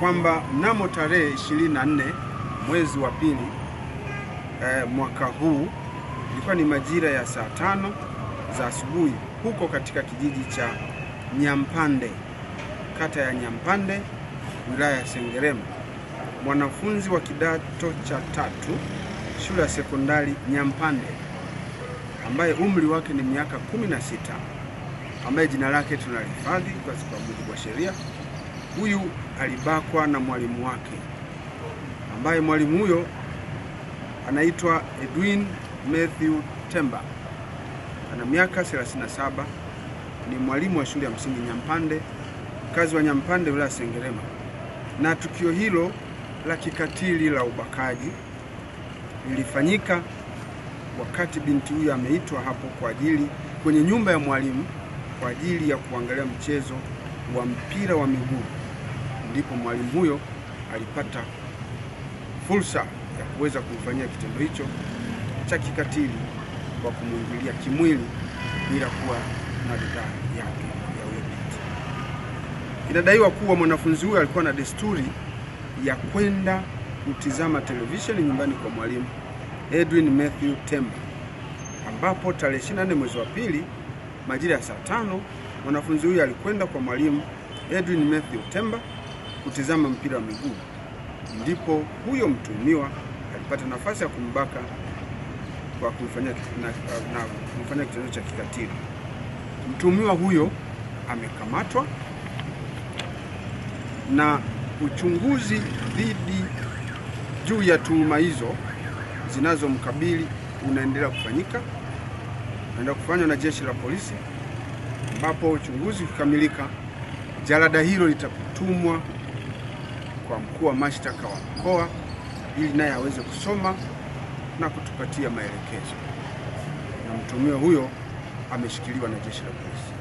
kwamba mnamo tarehe 24 mwezi wa pili eh, mwaka huu ilikuwa ni majira ya saa tano za asubuhi huko katika kijiji cha Nyampande, kata ya Nyampande, wilaya ya Sengerema, mwanafunzi wa kidato cha tatu shule ya sekondari Nyampande ambaye umri wake ni miaka 16 ambaye jina lake tunalihifadhi kwa mujibu wa sheria huyu alibakwa na mwalimu wake ambaye mwalimu huyo anaitwa Edwin Matthew Temba, ana miaka 37, ni mwalimu wa shule ya msingi Nyampande, mkazi wa Nyampande, wilaya Sengerema, na tukio hilo la kikatili la ubakaji lilifanyika wakati binti huyo ameitwa hapo kwa ajili kwenye nyumba ya mwalimu kwa ajili ya kuangalia mchezo wa mpira wa miguu ndipo mwalimu huyo alipata fursa ya kuweza kumfanyia kitendo hicho cha kikatili kwa kumwingilia kimwili bila kuwa na ridhaa yake ya huyo binti. Inadaiwa kuwa mwanafunzi huyo alikuwa na desturi ya kwenda kutizama televisheni nyumbani kwa mwalimu Edwin Matthew Temba, ambapo tarehe 24 mwezi wa pili majira ya saa tano mwanafunzi huyo alikwenda kwa mwalimu Edwin Matthew Temba kutizama mpira wa miguu, ndipo huyo mtuhumiwa alipata nafasi ya kumbaka kwa kumfanyia na, na kumfanyia kitendo cha kikatili. Mtuhumiwa huyo amekamatwa na uchunguzi dhidi juu ya tuhuma hizo zinazomkabili unaendelea kufanyika, unaendelea kufanywa na jeshi la polisi, ambapo uchunguzi ukikamilika, jalada hilo litatumwa kwa mkuu wa mashtaka wa mkoa ili naye aweze kusoma na kutupatia maelekezo, na mtumio huyo ameshikiliwa na jeshi la polisi.